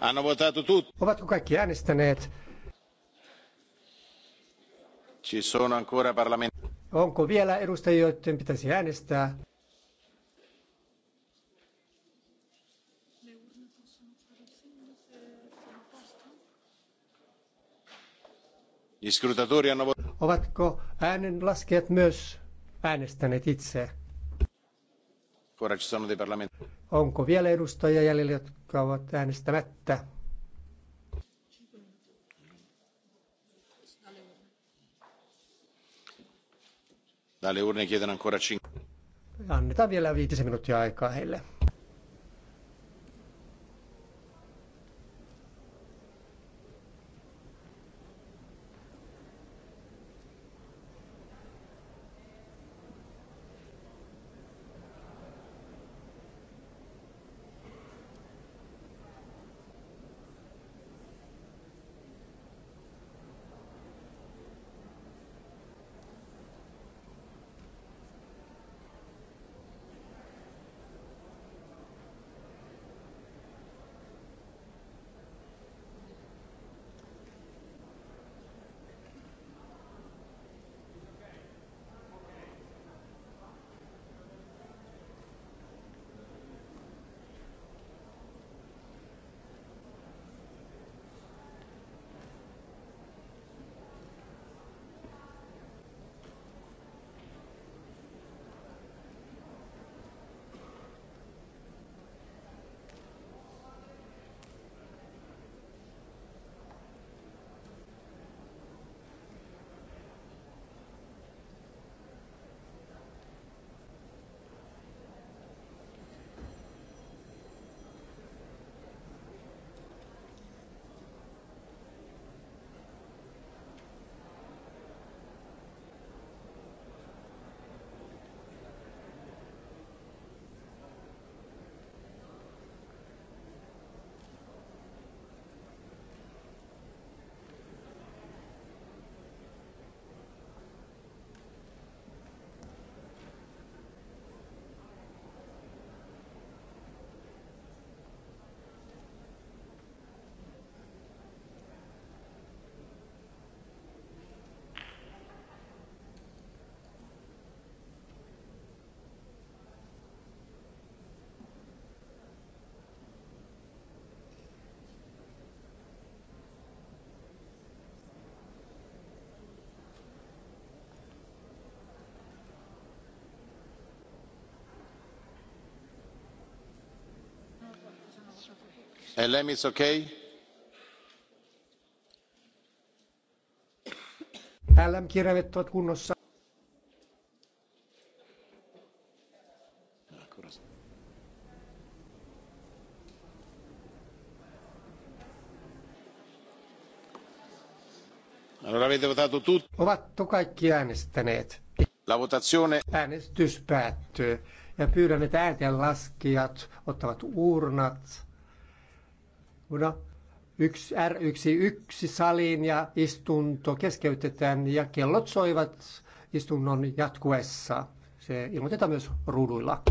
Hanno votato tutti. Ovatko kaikki äänestäneet? Ci sono ancora parlament- Onko vielä edustajia, joiden pitäisi äänestää? Gli scrutatori hanno Ovatko äänenlaskijat myös äänestäneet itse? Ancora ci sono dei parlamentari. Onko vielä edustajia jäljellä, jotka ovat äänestämättä? Dalle urne Annetaan vielä viitisen minuuttia aikaa heille. elem is okay? Ovatko kaikki äänestäneet? Äänestys päättyy. Ja pyydän, että ääntenlaskijat ottavat uurnat 1 R11 saliin ja istunto keskeytetään ja kellot soivat istunnon jatkuessa. Se ilmoitetaan myös ruuduilla.